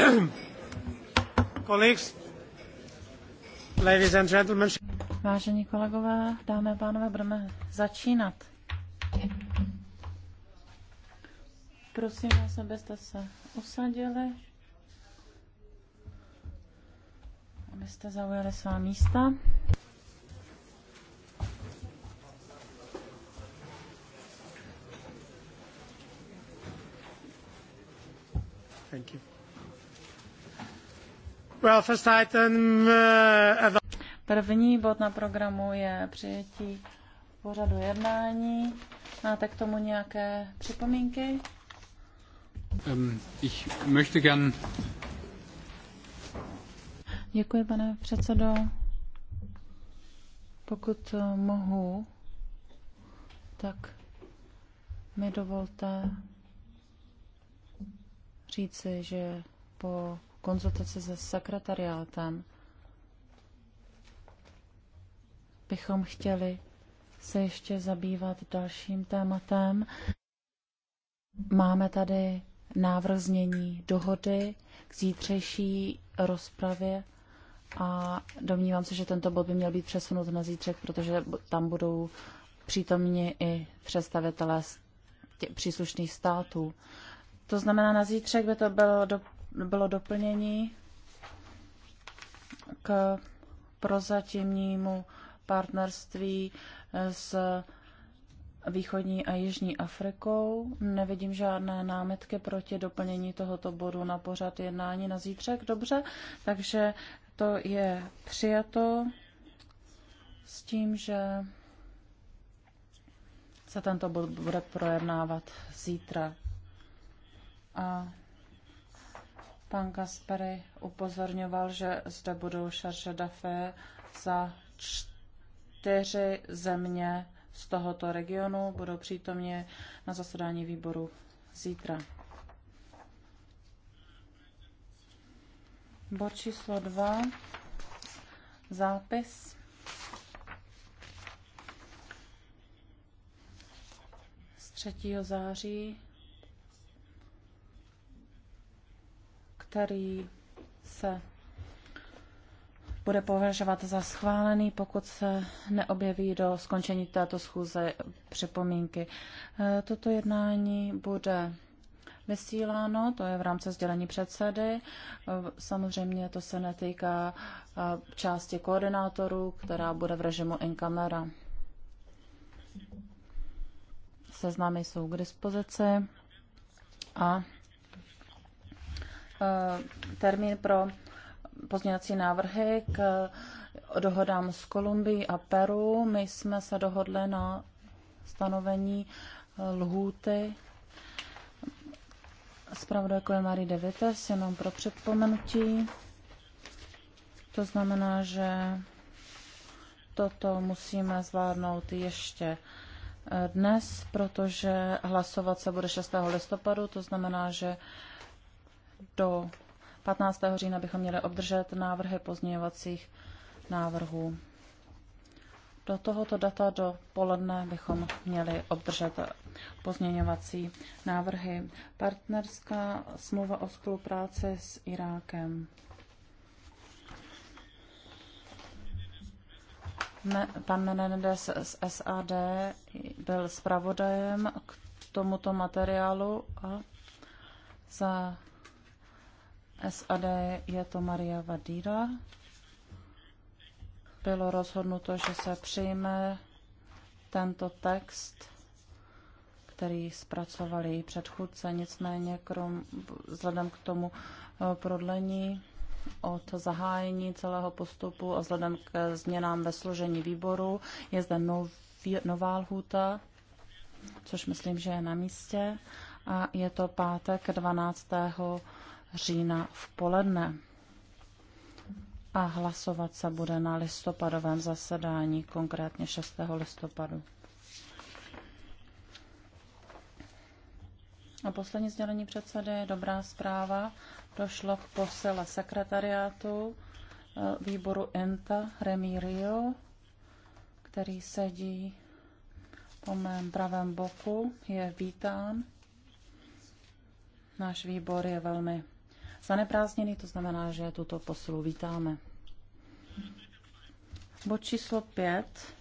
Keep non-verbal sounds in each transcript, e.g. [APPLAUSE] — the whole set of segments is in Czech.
[CLEARS THROAT] Vážení kolegové, dámy a pánové, budeme začínat. Prosím vás, abyste se usadili, abyste zaujali svá místa. Thank you. Uh, První bod na programu je přijetí pořadu jednání. Máte k tomu nějaké připomínky? Děkuji, pane předsedo. Pokud eh, mohu, tak mi dovolte říci, že po konzultaci se sekretariátem bychom chtěli se ještě zabývat dalším tématem. Máme tady návrh znění dohody k zítřejší rozpravě a domnívám se, že tento bod by měl být přesunut na zítřek, protože tam budou přítomni i představitelé příslušných států. To znamená, na zítřek by to bylo do bylo doplnění k prozatímnímu partnerství s východní a jižní Afrikou. Nevidím žádné námitky proti doplnění tohoto bodu na pořad jednání na zítřek. Dobře, takže to je přijato s tím, že se tento bod bude projednávat zítra. A Pan Gaspary upozorňoval, že zde budou šarže dafé za čtyři země z tohoto regionu. Budou přítomně na zasedání výboru zítra. Bod číslo 2. Zápis. Z 3. září který se bude považovat za schválený, pokud se neobjeví do skončení této schůze připomínky. E, toto jednání bude vysíláno, to je v rámci sdělení předsedy. E, samozřejmě to se netýká e, části koordinátorů, která bude v režimu in camera. Seznamy jsou k dispozici a Eh, termín pro pozměňovací návrhy k dohodám s Kolumbií a Peru. My jsme se dohodli na stanovení eh, lhůty jako je Marie Devites, jenom pro předpomenutí. To znamená, že toto musíme zvládnout ještě eh, dnes, protože hlasovat se bude 6. listopadu, to znamená, že do 15. října bychom měli obdržet návrhy pozměňovacích návrhů. Do tohoto data do poledne bychom měli obdržet pozměňovací návrhy. Partnerská smlouva o spolupráci s Irákem. Me, pan Menendez z SAD byl zpravodajem k tomuto materiálu a za SAD je to Maria Vadíra. Bylo rozhodnuto, že se přijme tento text, který zpracovali její předchůdce, nicméně krom, vzhledem k tomu eh, prodlení od zahájení celého postupu a vzhledem k změnám ve složení výboru je zde nový, nová lhůta, což myslím, že je na místě. A je to pátek 12 října v poledne a hlasovat se bude na listopadovém zasedání, konkrétně 6. listopadu. A poslední sdělení předsedy je dobrá zpráva. Došlo k posile sekretariátu eh, výboru ENTA Remi Rio, který sedí po mém pravém boku, je vítán. Náš výbor je velmi zaneprázdněný, to znamená, že tuto posilu vítáme. Bod číslo 5.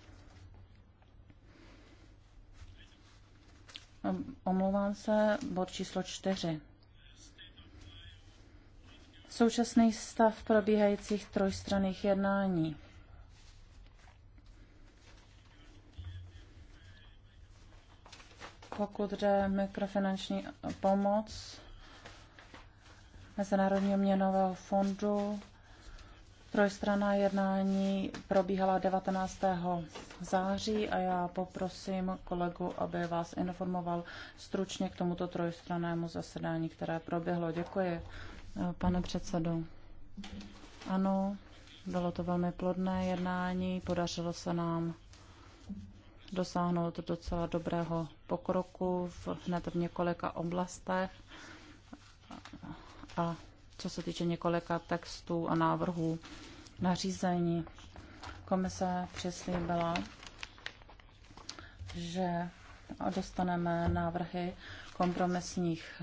Omlouvám se, bod číslo 4. Současný stav probíhajících trojstranných jednání. Pokud jde mikrofinanční pomoc, Mezinárodního měnového fondu. Trojstranná jednání probíhala 19. září a já poprosím kolegu, aby vás informoval stručně k tomuto trojstrannému zasedání, které proběhlo. Děkuji, pane předsedo. Ano, bylo to velmi plodné jednání, podařilo se nám dosáhnout docela dobrého pokroku v, hned v několika oblastech a co se týče několika textů a návrhů nařízení. Komise přislíbila, že dostaneme návrhy kompromisních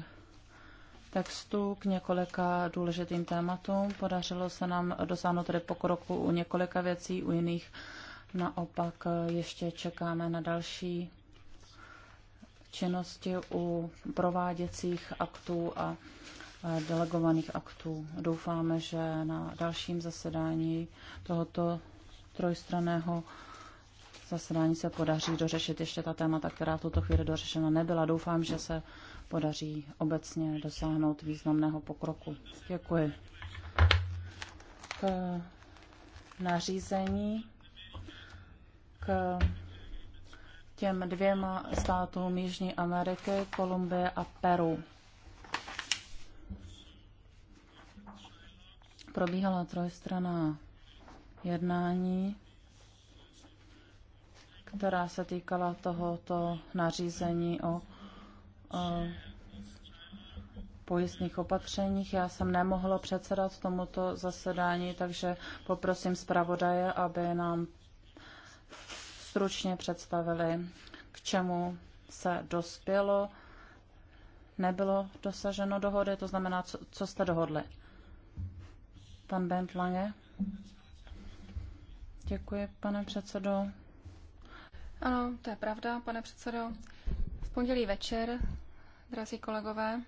textů k několika důležitým tématům. Podařilo se nám dosáhnout tedy pokroku u několika věcí, u jiných naopak ještě čekáme na další činnosti u prováděcích aktů a delegovaných aktů. Doufáme, že na dalším zasedání tohoto trojstraného zasedání se podaří dořešit ještě ta témata, která v tuto chvíli dořešena nebyla. Doufám, že se podaří obecně dosáhnout významného pokroku. Děkuji. K nařízení k těm dvěma státům Jižní Ameriky, Kolumbie a Peru. probíhala trojstraná jednání, která se týkala tohoto nařízení o, o pojistných opatřeních. Já jsem nemohla předsedat tomuto zasedání, takže poprosím zpravodaje, aby nám stručně představili, k čemu se dospělo. Nebylo dosaženo dohody, to znamená, co, co jste dohodli. Pan Bent Lange. Děkuji, pane předsedo. Ano, to je pravda, pane předsedo. V pondělí večer, drazí kolegové,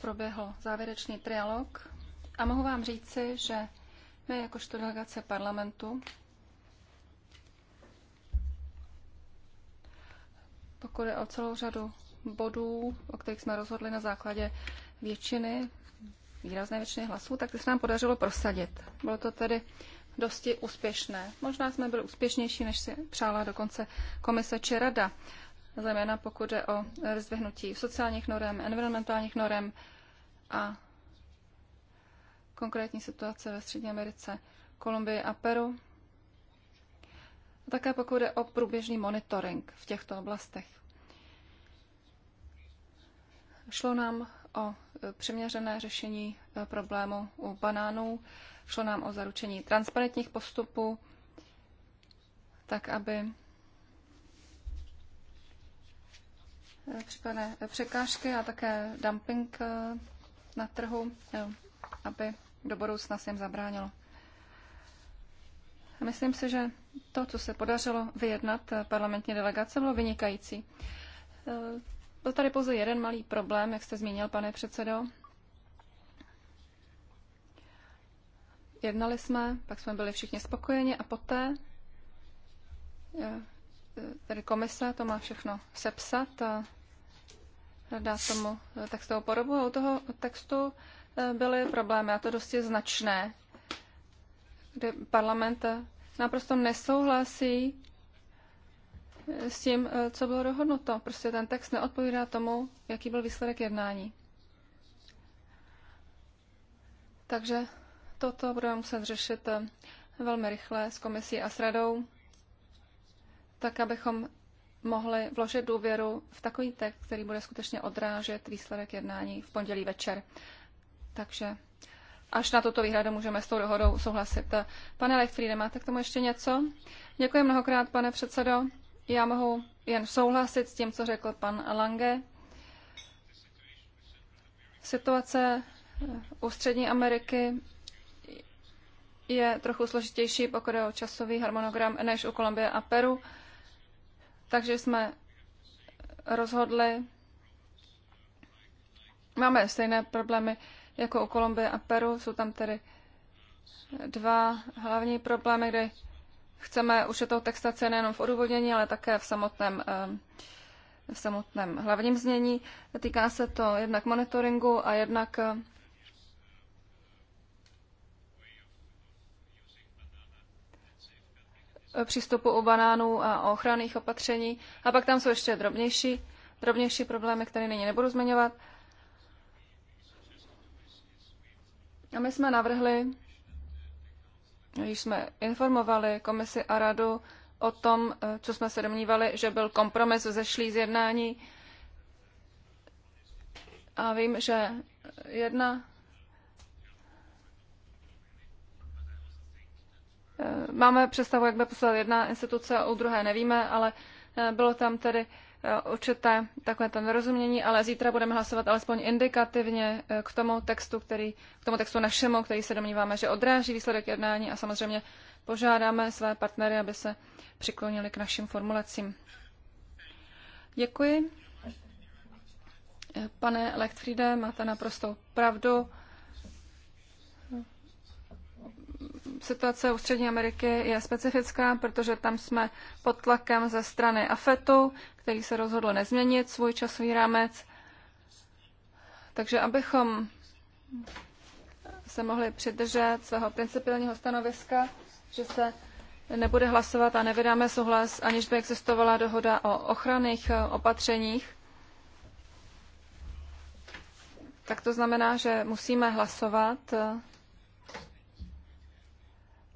proběhl závěrečný trialog a mohu vám říci, že my jakožto delegace parlamentu pokud je o celou řadu bodů, o kterých jsme rozhodli na základě většiny výrazné většiny hlasů, tak to se nám podařilo prosadit. Bylo to tedy dosti úspěšné. Možná jsme byli úspěšnější, než si přála dokonce komise či rada, zejména pokud jde o rozvihnutí sociálních norem, environmentálních norem a konkrétní situace ve Střední Americe, Kolumbii a Peru. A také pokud jde o průběžný monitoring v těchto oblastech. Šlo nám o přiměřené řešení e, problému u banánů. Šlo nám o zaručení transparentních postupů, tak aby e, případné překážky a také dumping e, na trhu, aby do budoucna se jim zabránilo. Myslím si, že to, co se podařilo vyjednat parlamentní delegace, bylo vynikající. Byl tady pouze jeden malý problém, jak jste zmínil, pane předsedo. Jednali jsme, pak jsme byli všichni spokojeni a poté eh, eh, tedy komise to má všechno sepsat a dá tomu eh, textovou podobu. A u toho textu byly problémy, a to dosti značné, kde parlament naprosto nesouhlasí s tím, eh, co bylo dohodnuto. Prostě ten text neodpovídá tomu, jaký byl výsledek jednání. Takže toto budeme muset řešit eh, velmi rychle s komisí a s radou, tak abychom mohli vložit důvěru v takový text, který bude skutečně odrážet výsledek jednání v pondělí večer. Takže až na tuto výhradu můžeme s tou dohodou souhlasit. Eh, pane Lechfriede, máte k tomu ještě něco? Děkuji mnohokrát, pane předsedo. Já mohu jen souhlasit s tím, co řekl pan Lange. Situace eh, u Střední Ameriky je trochu složitější, pokud je o časový harmonogram, než u Kolumbie a Peru. Takže jsme rozhodli, máme stejné problémy jako u Kolumbie a Peru, jsou tam tedy dva hlavní problémy, kde chceme už toho textace nejenom v odůvodnění, ale také v samotném, eh, v samotném hlavním znění. Týká se to jednak monitoringu a jednak eh, přístupu u banánů a ochranných opatření. A pak tam jsou ještě drobnější, drobnější problémy, které nyní nebudu zmiňovat. A my jsme navrhli Již jsme informovali komisi a radu o tom, eh, co jsme se domnívali, že byl kompromis zešlý z jednání. A vím, že jedna eh, Máme představu, jak by poslal jedna instituce, u druhé nevíme, ale eh, bylo tam tedy Eh, určité takové to nerozumění, ale zítra budeme hlasovat alespoň indikativně eh, k tomu textu, který, k tomu textu našemu, který se domníváme, že odráží výsledek jednání a samozřejmě požádáme své partnery, aby se přiklonili k našim formulacím. Děkuji. Eh, pane Lechtfriede, máte naprostou pravdu. situace u Střední Ameriky je specifická, protože tam jsme pod tlakem ze strany AFETu, který se rozhodl nezměnit svůj časový rámec. Takže abychom se mohli přidržet svého principiálního stanoviska, že se nebude hlasovat a nevydáme souhlas, aniž by existovala dohoda o ochranných eh, opatřeních, tak to znamená, že musíme hlasovat eh,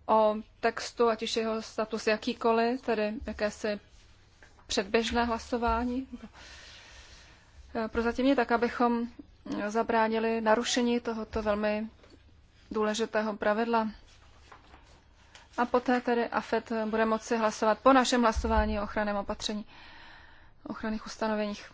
o textu, ať už jeho status jakýkoliv, tedy jakési předběžné hlasování. je tak, abychom zabránili narušení tohoto velmi důležitého pravidla. A poté tedy AFET bude moci hlasovat po našem hlasování o ochranném opatření, ochranných ustanoveních.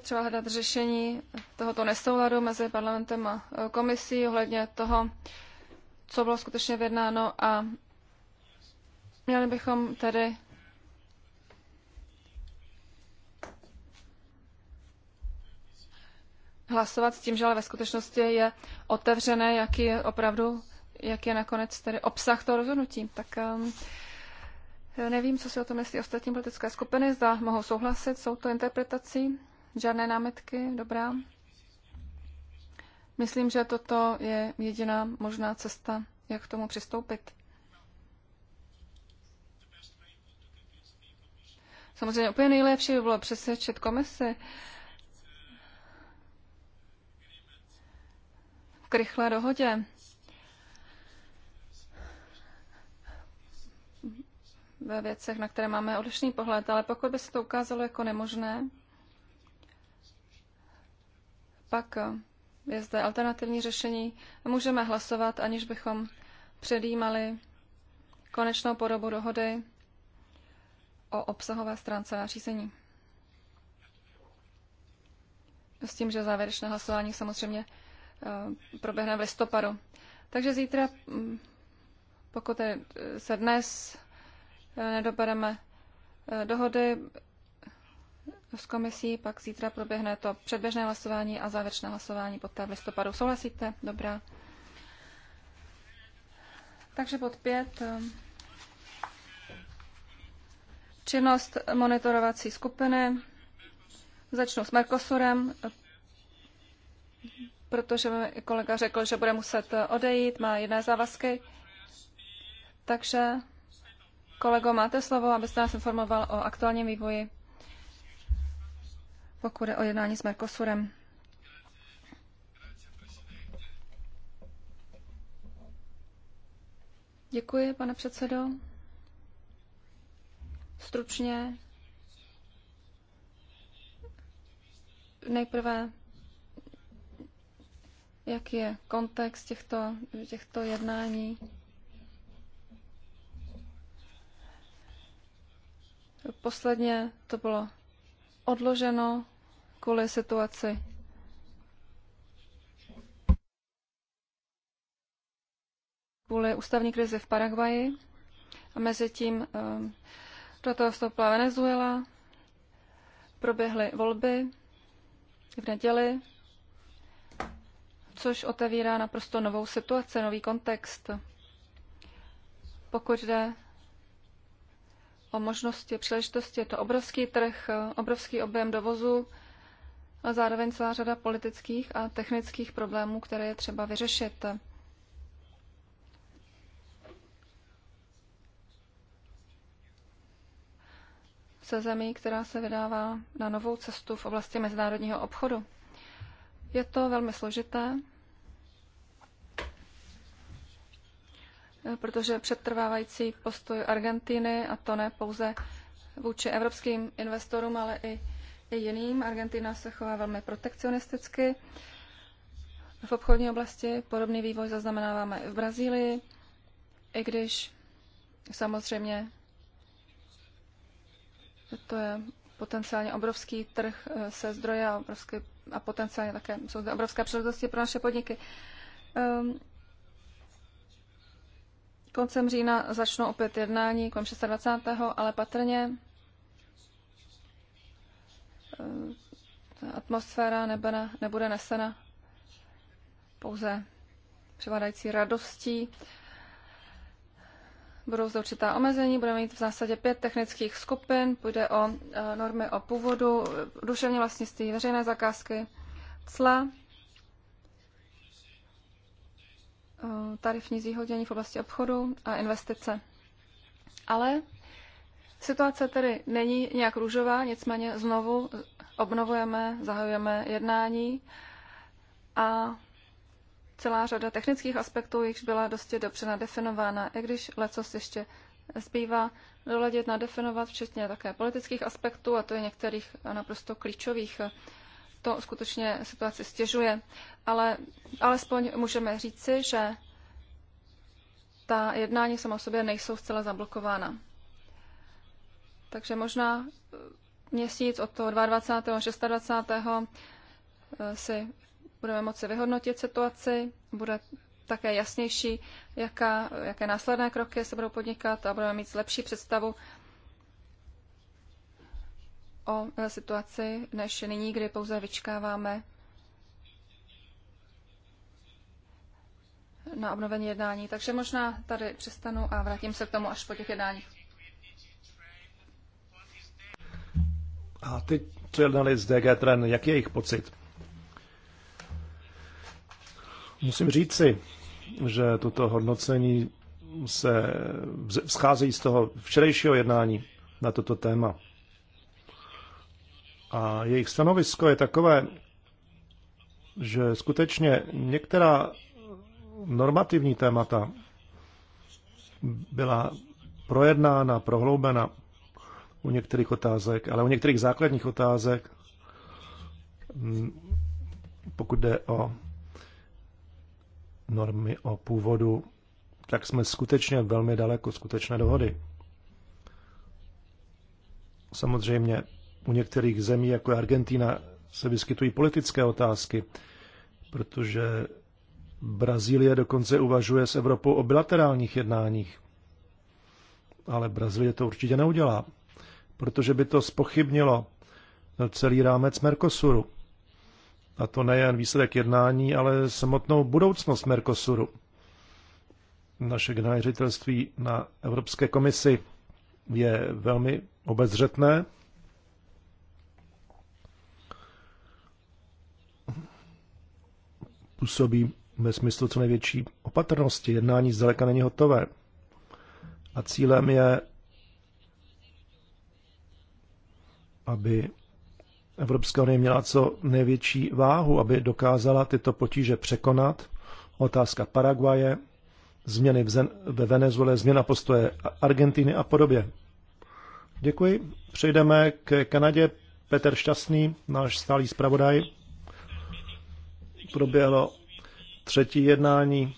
třeba hledat řešení tohoto nesouladu mezi parlamentem a e, komisí ohledně toho, co bylo skutečně vyjednáno a měli bychom tedy hlasovat s tím, že ale ve skutečnosti je otevřené, jaký je opravdu, jaký je nakonec tedy obsah toho rozhodnutí. Tak um, nevím, co si o tom myslí ostatní politické skupiny, zda mohou souhlasit s touto interpretací. Žádné námitky? Dobrá. Myslím, že toto je jediná možná cesta, jak k tomu přistoupit. Samozřejmě úplně nejlepší by bylo přesvědčit komisi k rychlé dohodě. Ve věcech, na které máme odlišný pohled, ale pokud by se to ukázalo jako nemožné, pak eh, je zde alternativní řešení. Můžeme hlasovat, aniž bychom předjímali konečnou podobu dohody o obsahové stránce nařízení. S tím, že závěrečné hlasování samozřejmě eh, proběhne v listopadu. Takže zítra, mm, pokud eh, se dnes nedobereme dohody, s komisí, pak zítra proběhne to předběžné hlasování a závěrečné hlasování poté v listopadu. Souhlasíte? Dobrá. Takže bod 5. Ehm, činnost monitorovací skupiny. Začnu s Mercosurem, protože mi kolega řekl, že bude muset odejít, má jiné závazky. Takže, kolego, máte slovo, abyste nás informoval o aktuálním vývoji pokud je o jednání s Mercosurem. Děkuji, pane předsedo. Stručně nejprve, jaký je kontext těchto, těchto jednání. Posledně to bylo odloženo kvůli situaci. kvůli ústavní krizi v Paraguaji. A mezi tím ehm, do toho vstoupila Venezuela, proběhly volby v neděli, což otevírá naprosto novou situaci, nový kontext. Pokud jde o možnosti, příležitosti. Je to obrovský trh, obrovský objem dovozu, a zároveň celá řada politických a technických problémů, které je třeba vyřešit. Se zemí, která se vydává na novou cestu v oblasti mezinárodního obchodu. Je to velmi složité, protože přetrvávající postoj Argentiny, a to ne pouze vůči evropským investorům, ale i, i jiným. Argentina se chová velmi protekcionisticky. V obchodní oblasti podobný vývoj zaznamenáváme v Brazílii, i když samozřejmě to je potenciálně obrovský trh eh, se zdroje a, obrovské, a potenciálně také jsou zde obrovské příležitosti pro naše podniky. Ehm, Koncem října začnou opět jednání, kolem 26. ale patrně eh, atmosféra nebena, nebude nesena pouze převádající radostí. Budou zde určitá omezení, budeme mít v zásadě pět technických skupin, půjde o eh, normy o původu, duševní vlastnictví, veřejné zakázky, cla, Eh, tarifní zvýhodnění v oblasti obchodu a investice. Ale situace tedy není nějak růžová, nicméně znovu obnovujeme, zahajujeme jednání a celá řada technických aspektů, jichž byla dosti dobře nadefinována, i když lecos ještě zbývá doladit, nadefinovat, včetně také politických aspektů, a to je některých naprosto klíčových to skutečně situaci stěžuje, ale alespoň můžeme říci, že ta jednání sama o sobě nejsou zcela zablokována. Takže možná eh, měsíc od toho 22. a 26. si budeme moci vyhodnotit situaci, bude také jasnější, jaká, jaké následné kroky se budou podnikat a budeme mít lepší představu o e, situaci než nyní, kdy pouze vyčkáváme na obnovení jednání. Takže možná tady přestanu a vrátím se k tomu až po těch jednáních. A ty, co jednali z DG Trend, jak je jejich pocit? Musím říct si, že toto hodnocení se vzchází z toho včerejšího jednání na toto téma. A jejich stanovisko je takové, že skutečně některá normativní témata byla projednána, prohloubena u některých otázek, ale u některých základních otázek, mm, pokud jde o normy o původu, tak jsme skutečně velmi daleko skutečné dohody. Samozřejmě u některých zemí, jako je Argentina, se vyskytují politické otázky, protože Brazílie dokonce uvažuje s Evropou o bilaterálních jednáních. Ale Brazílie to určitě neudělá, protože by to spochybnilo celý rámec Mercosuru. A to nejen výsledek jednání, ale samotnou budoucnost Mercosuru. Naše generální ředitelství na Evropské komisi je velmi obezřetné působí ve smyslu co největší opatrnosti. Jednání zdaleka není hotové. A cílem je, aby Evropská unie měla co největší váhu, aby dokázala tyto potíže překonat. Otázka Paraguaje, změny ve Venezuele, změna postoje Argentiny a podobně. Děkuji. Přejdeme k Kanadě. Petr Šťastný, náš stálý zpravodaj proběhlo třetí jednání.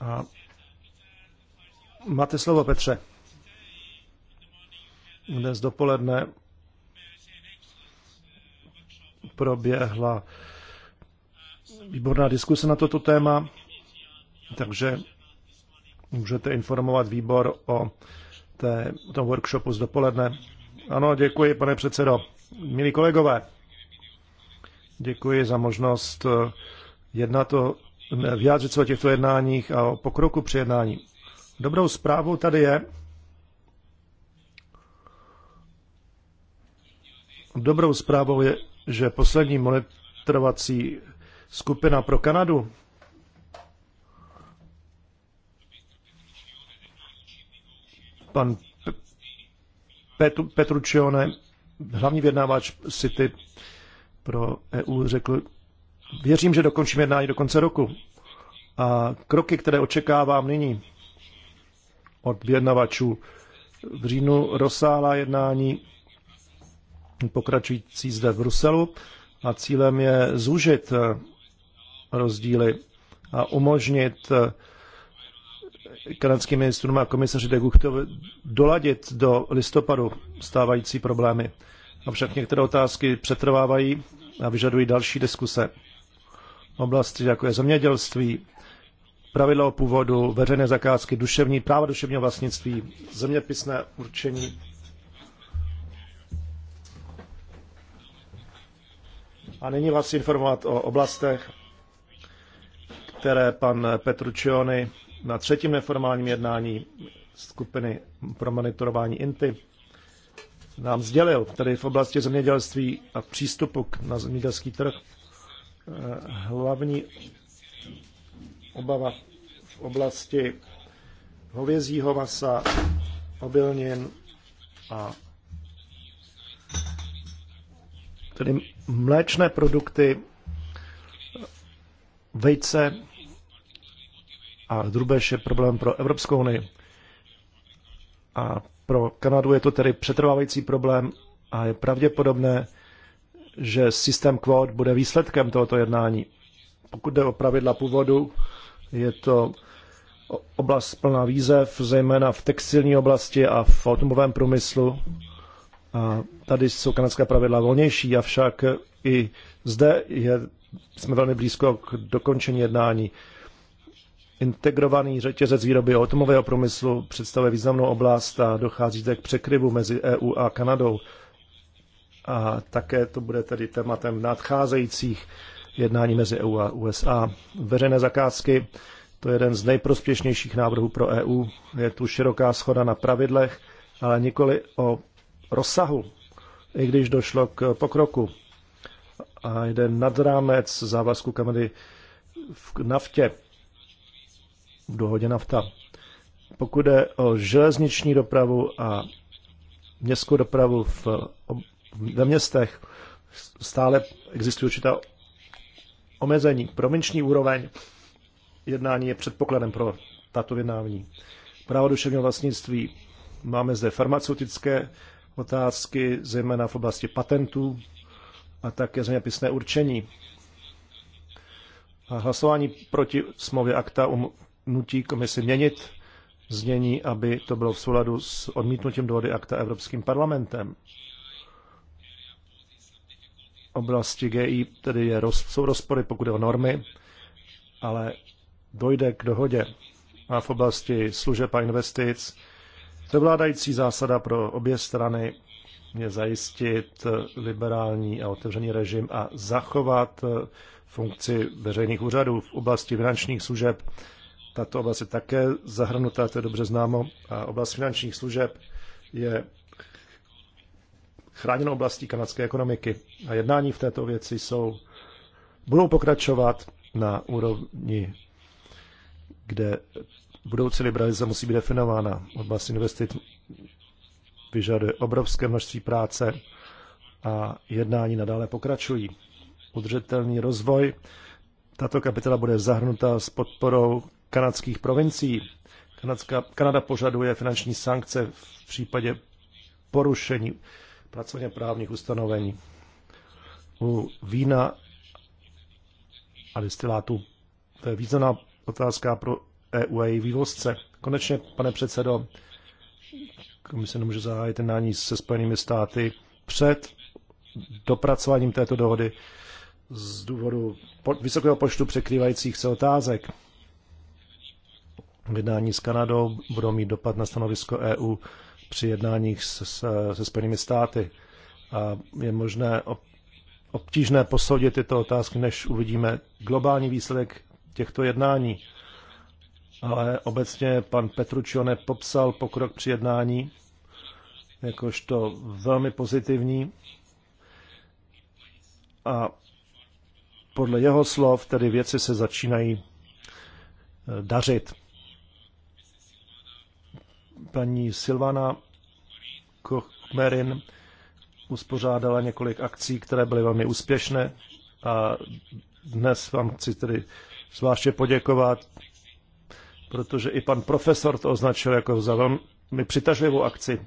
A máte slovo, Petře. Dnes dopoledne proběhla výborná diskuse na toto téma, takže můžete informovat výbor o, té, o tom workshopu z dopoledne. Ano, děkuji, pane předsedo. Milí kolegové, Děkuji za možnost eh, jednat o, vyjádřit se o těchto jednáních a o pokroku při jednání. Dobrou zprávou tady je, Dobrou zprávou je, že poslední monitorovací skupina pro Kanadu pan Petruccione, hlavní vyjednávač City, pro EU řekl, věřím, že dokončím jednání do konce roku. A kroky, které očekávám nyní od vyjednavačů, v říjnu rozsáhlá jednání pokračující zde v Bruselu a cílem je zúžit eh, rozdíly a umožnit eh, kanadským ministrům a komisaři de Guchtovi doladit do listopadu stávající problémy. Avšak některé otázky přetrvávají a vyžadují další diskuse. Oblasti, jako je zemědělství, pravidla o původu, veřejné zakázky, duševní práva duševního vlastnictví, zeměpisné určení. A nyní vás informovat o oblastech, které pan Čiony na třetím neformálním jednání skupiny pro monitorování INTY nám sdělil, tedy v oblasti zemědělství a přístupu na zemědělský trh. Eh, hlavní obava v oblasti hovězího masa, obilnin a tedy mléčné produkty, vejce a drubež je problém pro Evropskou unii. A pro Kanadu je to tedy přetrvávající problém a je pravděpodobné, že systém kvót bude výsledkem tohoto jednání. Pokud jde o pravidla původu, je to oblast plná výzev, zejména v textilní oblasti a v automobilovém průmyslu. A tady jsou kanadská pravidla volnější, avšak i zde je, jsme velmi blízko k dokončení jednání. Integrovaný řetězec výroby automového průmyslu představuje významnou oblast a dochází zde k překryvu mezi EU a Kanadou. A také to bude tedy tématem nadcházejících jednání mezi EU a USA. Veřejné zakázky, to je jeden z nejprospěšnějších návrhů pro EU. Je tu široká schoda na pravidlech, ale nikoli o rozsahu, i když došlo k pokroku. A jde nad rámec závazku Kanady v naftě v dohodě nafta. Pokud je o železniční dopravu a městskou dopravu v, ve městech, stále existují určitá omezení. Provinční úroveň jednání je předpokladem pro tato jednání. Právo duševního vlastnictví. Máme zde farmaceutické otázky, zejména v oblasti patentů a také zeměpisné určení. A hlasování proti smlouvě akta um- nutí komisi měnit znění, aby to bylo v souladu s odmítnutím dohody akta Evropským parlamentem. Oblasti GI tedy je, jsou rozpory, pokud je o normy, ale dojde k dohodě. A v oblasti služeb a investic převládající zásada pro obě strany je zajistit liberální a otevřený režim a zachovat funkci veřejných úřadů v oblasti finančních služeb tato oblast je také zahrnutá, to je dobře známo. A oblast finančních služeb je chráněnou oblastí kanadské ekonomiky. A jednání v této věci jsou, budou pokračovat na úrovni, kde budoucí liberalizace musí být definována. Oblast investit vyžaduje obrovské množství práce a jednání nadále pokračují. Udržitelný rozvoj. Tato kapitola bude zahrnuta s podporou kanadských provincií. Kanadská, Kanada požaduje finanční sankce v případě porušení pracovně právních ustanovení u vína a destilátů. To je významná otázka pro EU a její vývozce. Konečně, pane předsedo, komise nemůže zahájit ní se Spojenými státy před dopracováním této dohody z důvodu vysokého počtu překrývajících se otázek jednání s Kanadou budou mít dopad na stanovisko EU při jednáních se, se, se Spojenými státy. A je možné obtížné posoudit tyto otázky, než uvidíme globální výsledek těchto jednání. Ale obecně pan Petruccione popsal pokrok při jednání jakožto velmi pozitivní a podle jeho slov tedy věci se začínají eh, dařit paní Silvana Kochmerin uspořádala několik akcí, které byly velmi úspěšné a dnes vám chci tedy zvláště poděkovat, protože i pan profesor to označil jako za velmi přitažlivou akci.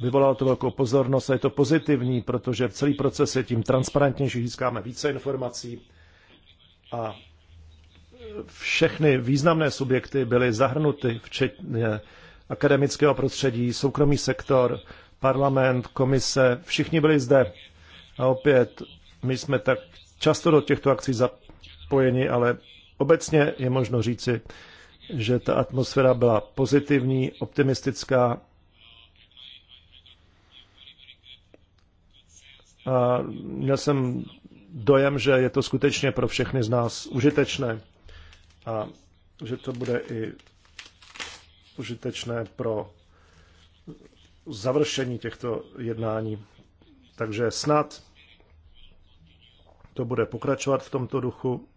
Vyvolalo to velkou pozornost a je to pozitivní, protože celý proces je tím transparentnější, získáme více informací a všechny významné subjekty byly zahrnuty, včetně akademického prostředí, soukromý sektor, parlament, komise, všichni byli zde. A opět, my jsme tak často do těchto akcí zapojeni, ale obecně je možno říci, že ta atmosféra byla pozitivní, optimistická. A měl jsem dojem, že je to skutečně pro všechny z nás užitečné a že to bude i užitečné pro završení těchto jednání. Takže snad to bude pokračovat v tomto duchu.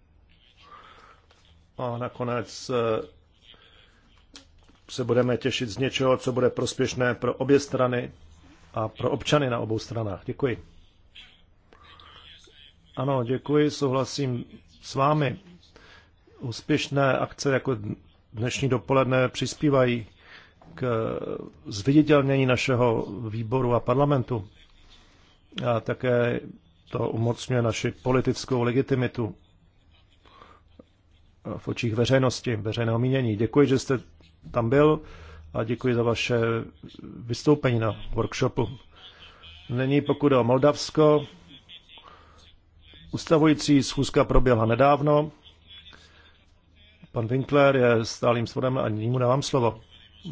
A nakonec eh, se budeme těšit z něčeho, co bude prospěšné pro obě strany a pro občany na obou stranách. Děkuji. Ano, děkuji, souhlasím s vámi. Úspěšné akce jako dnešní dopoledne přispívají k zviditelnění našeho výboru a parlamentu. A také to umocňuje naši politickou legitimitu v očích veřejnosti, veřejného mínění. Děkuji, že jste tam byl a děkuji za vaše vystoupení na workshopu. Není pokud o Moldavsko. Ustavující schůzka proběhla nedávno. Pan Winkler je stálým svodem a nyní dávám slovo.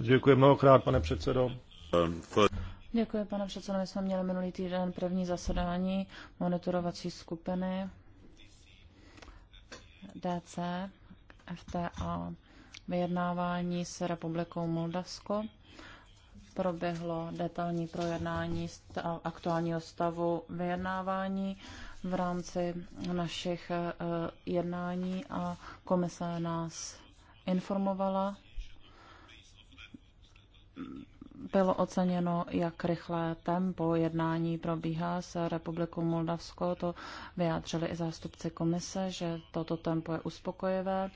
Děkuji mnohokrát, pane předsedo. Děkuji, pane předsedo. My jsme měli minulý týden první zasedání monitorovací skupiny DC, FTA, vyjednávání s Republikou Moldavsko. Proběhlo detailní projednání aktuálního stavu vyjednávání v rámci našich eh, jednání a komise nás informovala. Bylo oceněno, jak rychlé tempo jednání probíhá s Republikou Moldavsko. To vyjádřili i zástupci komise, že toto tempo je uspokojivé.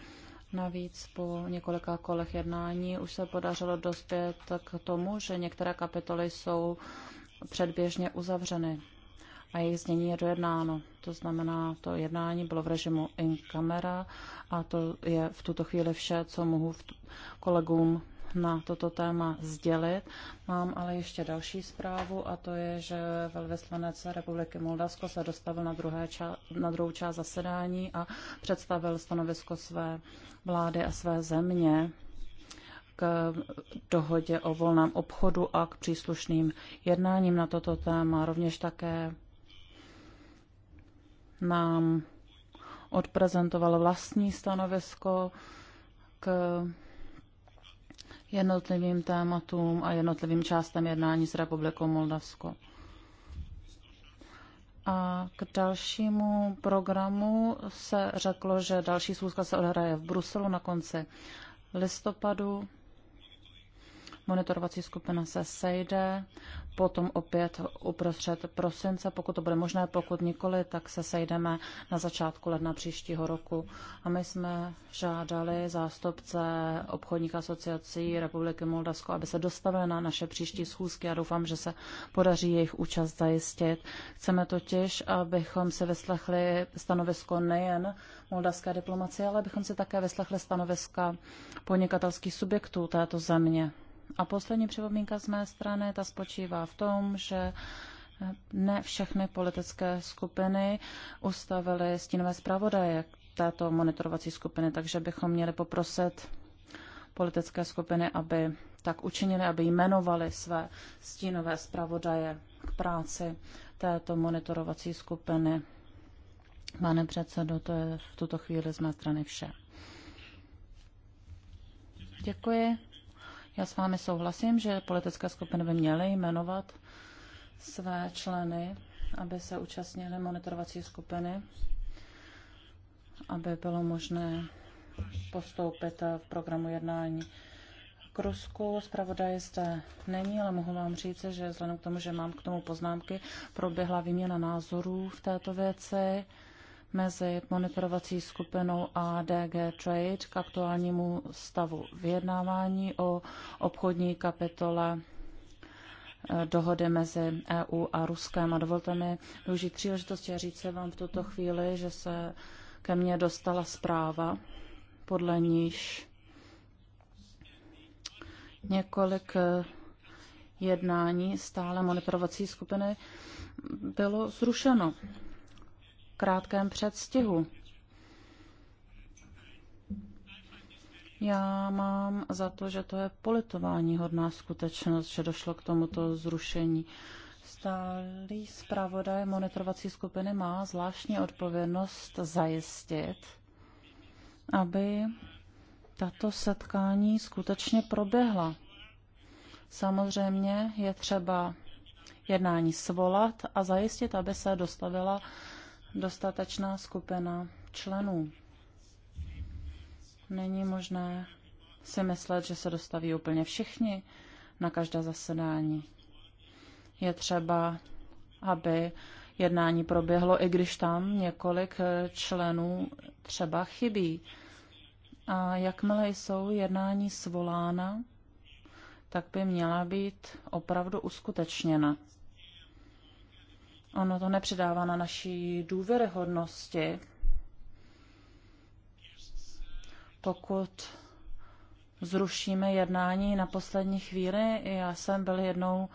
Navíc po několika kolech jednání už se podařilo dospět k tomu, že některé kapitoly jsou předběžně uzavřeny a jejich znění je dojednáno. To znamená, to jednání bylo v režimu in camera a to je v tuto chvíli vše, co mohu kolegům na toto téma sdělit. Mám ale ještě další zprávu a to je, že velvyslanec Republiky Moldavsko se dostavil na, druhé ča- na druhou část zasedání a představil stanovisko své vlády a své země k dohodě o volném obchodu a k příslušným jednáním na toto téma. Rovněž také nám odprezentoval vlastní stanovisko k jednotlivým tématům a jednotlivým částem jednání s Republikou Moldavsko. A k dalšímu programu se řeklo, že další schůzka se odhraje v Bruselu na konci listopadu. Monitorovací skupina se sejde, potom opět uprostřed prosince, pokud to bude možné, pokud nikoli, tak se sejdeme na začátku ledna příštího roku. A my jsme žádali zástupce obchodních asociací Republiky Moldavsko, aby se dostavili na naše příští schůzky a doufám, že se podaří jejich účast zajistit. Chceme totiž, abychom si vyslechli stanovisko nejen moldavské diplomacie, ale abychom si také vyslechli stanoviska podnikatelských subjektů této země. A poslední připomínka z mé strany, ta spočívá v tom, že ne všechny politické skupiny ustavily stínové zpravodaje této monitorovací skupiny, takže bychom měli poprosit politické skupiny, aby tak učinili, aby jmenovali své stínové zpravodaje k práci této monitorovací skupiny. Pane předsedo, to je v tuto chvíli z mé strany vše. Děkuji. Já s vámi souhlasím, že politické skupiny by měly jmenovat své členy, aby se účastnili monitorovací skupiny, aby bylo možné postoupit v programu jednání. K Rusku zpravodaj zde není, ale mohu vám říct, že vzhledem k tomu, že mám k tomu poznámky, proběhla výměna názorů v této věci mezi monitorovací skupinou a DG Trade k aktuálnímu stavu vyjednávání o obchodní kapitole eh, dohody mezi EU a Ruskem. A dovolte mi využít příležitosti a říct se vám v tuto chvíli, že se ke mně dostala zpráva, podle níž několik eh, jednání stále monitorovací skupiny bylo zrušeno krátkém předstihu. Já mám za to, že to je politování hodná skutečnost, že došlo k tomuto zrušení. Stálý zpravodaj monitorovací skupiny má zvláštní odpovědnost zajistit, aby tato setkání skutečně proběhla. Samozřejmě je třeba jednání svolat a zajistit, aby se dostavila dostatečná skupina členů. Není možné si myslet, že se dostaví úplně všichni na každé zasedání. Je třeba, aby jednání proběhlo, i když tam několik členů třeba chybí. A jakmile jsou jednání svolána, tak by měla být opravdu uskutečněna. Ono to nepřidává na naší důvěryhodnosti, pokud zrušíme jednání na poslední chvíli. Já jsem byl jednou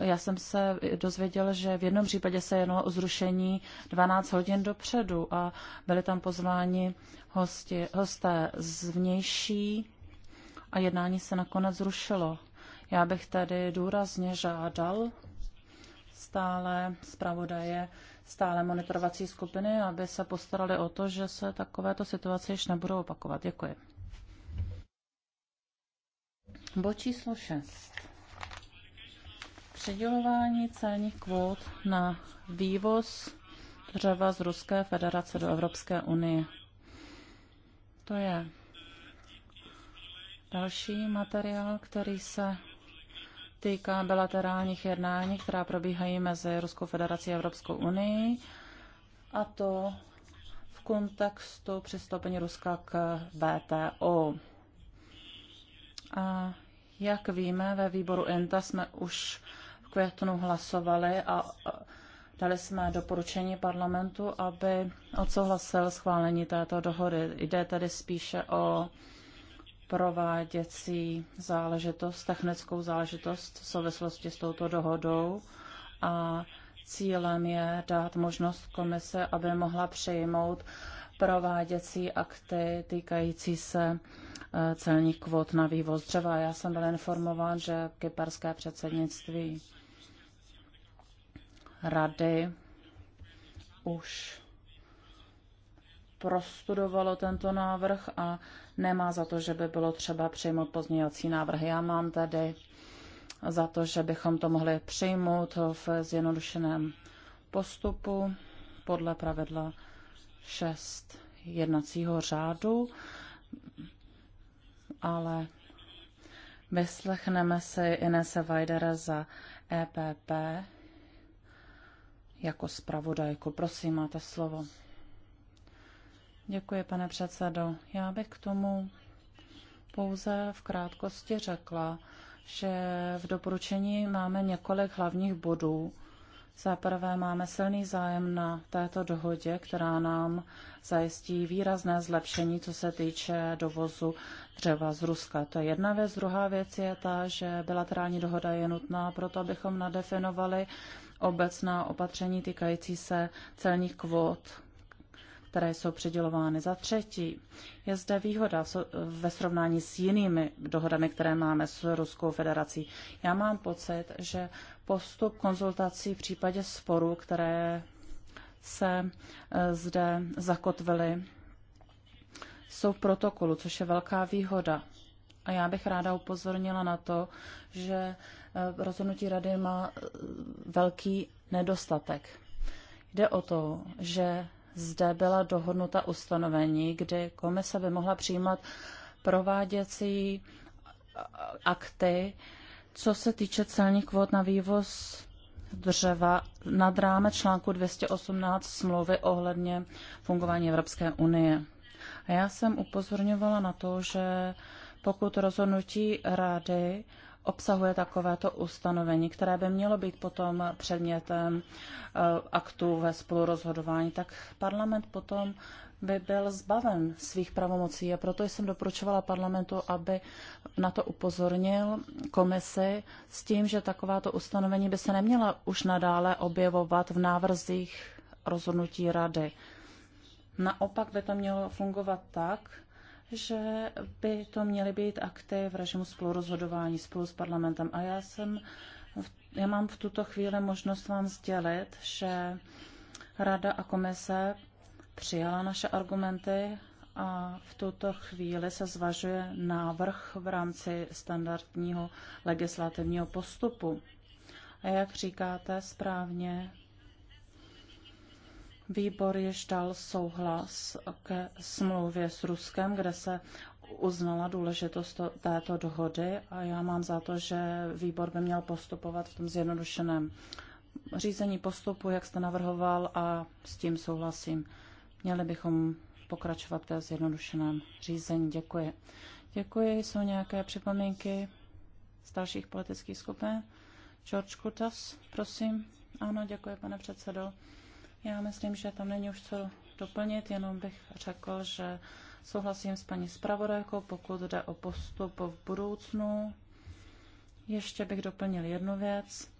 já jsem se dozvěděl, že v jednom případě se jenom o zrušení 12 hodin dopředu a byli tam pozváni hosti, hosté zvnější a jednání se nakonec zrušilo. Já bych tady důrazně žádal stále zpravodaje, stále monitorovací skupiny, aby se postarali o to, že se takovéto situace již nebudou opakovat. Děkuji. Bo číslo 6. Předělování celních kvót na vývoz dřeva z Ruské federace do Evropské unie. To je další materiál, který se týká bilaterálních jednání, která probíhají mezi Ruskou federací a Evropskou unii, a to v kontextu přistoupení Ruska k VTO. A jak víme, ve výboru INTA jsme už v květnu hlasovali a Dali jsme doporučení parlamentu, aby odsouhlasil schválení této dohody. Jde tedy spíše o prováděcí záležitost, technickou záležitost v souvislosti s touto dohodou a cílem je dát možnost komise, aby mohla přejmout prováděcí akty týkající se eh, celních kvot na vývoz dřeva. Já jsem byl informován, že kyperské předsednictví rady už prostudovalo tento návrh a nemá za to, že by bylo třeba přijmout pozměňovací návrhy. Já mám tedy za to, že bychom to mohli přijmout v zjednodušeném postupu podle pravidla 6 jednacího řádu, ale vyslechneme si Inese Vajdera za EPP jako zpravodajku. Prosím, máte slovo. Děkuji, pane předsedo. Já bych k tomu pouze v krátkosti řekla, že v doporučení máme několik hlavních bodů. Za prvé máme silný zájem na této dohodě, která nám zajistí výrazné zlepšení, co se týče dovozu dřeva z Ruska. To je jedna věc. Druhá věc je ta, že bilaterální dohoda je nutná proto, abychom nadefinovali obecná opatření týkající se celních kvót které jsou přidělovány. Za třetí, je zde výhoda ve srovnání s jinými dohodami, které máme s Ruskou federací. Já mám pocit, že postup konzultací v případě sporů, které se e, zde zakotvily, jsou v protokolu, což je velká výhoda. A já bych ráda upozornila na to, že e, rozhodnutí rady má e, velký nedostatek. Jde o to, že zde byla dohodnuta ustanovení, kdy komise by mohla přijímat prováděcí eh, akty, co se týče celních kvót na vývoz dřeva nad ráme článku 218 smlouvy ohledně fungování Evropské unie. A já jsem upozorňovala na to, že pokud rozhodnutí rady obsahuje takovéto ustanovení, které by mělo být potom předmětem eh, aktu ve spolurozhodování, tak parlament potom by byl zbaven svých pravomocí. A proto jsem doporučovala parlamentu, aby na to upozornil komisi s tím, že takováto ustanovení by se neměla už nadále objevovat v návrzích rozhodnutí rady. Naopak by to mělo fungovat tak, že by to měly být akty v režimu spolurozhodování spolu s parlamentem. A já jsem, já mám v tuto chvíli možnost vám sdělit, že Rada a komise přijala naše argumenty a v tuto chvíli se zvažuje návrh v rámci standardního legislativního postupu. A jak říkáte správně, Výbor již dal souhlas ke smlouvě s Ruskem, kde se uznala důležitost to, této dohody a já mám za to, že výbor by měl postupovat v tom zjednodušeném řízení postupu, jak jste navrhoval a s tím souhlasím. Měli bychom pokračovat ve zjednodušeném řízení. Děkuji. Děkuji. Jsou nějaké připomínky z dalších politických skupin? George Kutas, prosím. Ano, děkuji, pane předsedo. Já myslím, že tam není už co doplnit, jenom bych řekl, že souhlasím s paní zpravodajkou, pokud jde o postup v budoucnu. Ještě bych doplnil jednu věc.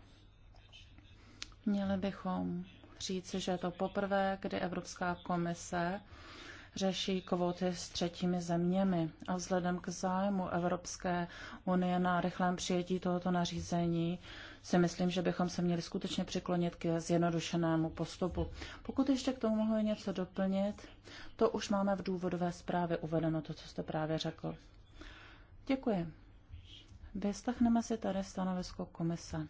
Měli bychom říci, že je to poprvé, kdy Evropská komise řeší kvóty s třetími zeměmi. A vzhledem k zájmu Evropské unie na rychlém přijetí tohoto nařízení si myslím, že bychom se měli skutečně přiklonit k zjednodušenému postupu. Pokud ještě k tomu mohu něco doplnit, to už máme v důvodové zprávě uvedeno, to, co jste právě řekl. Děkuji. Vyslechneme si tady stanovisko komise.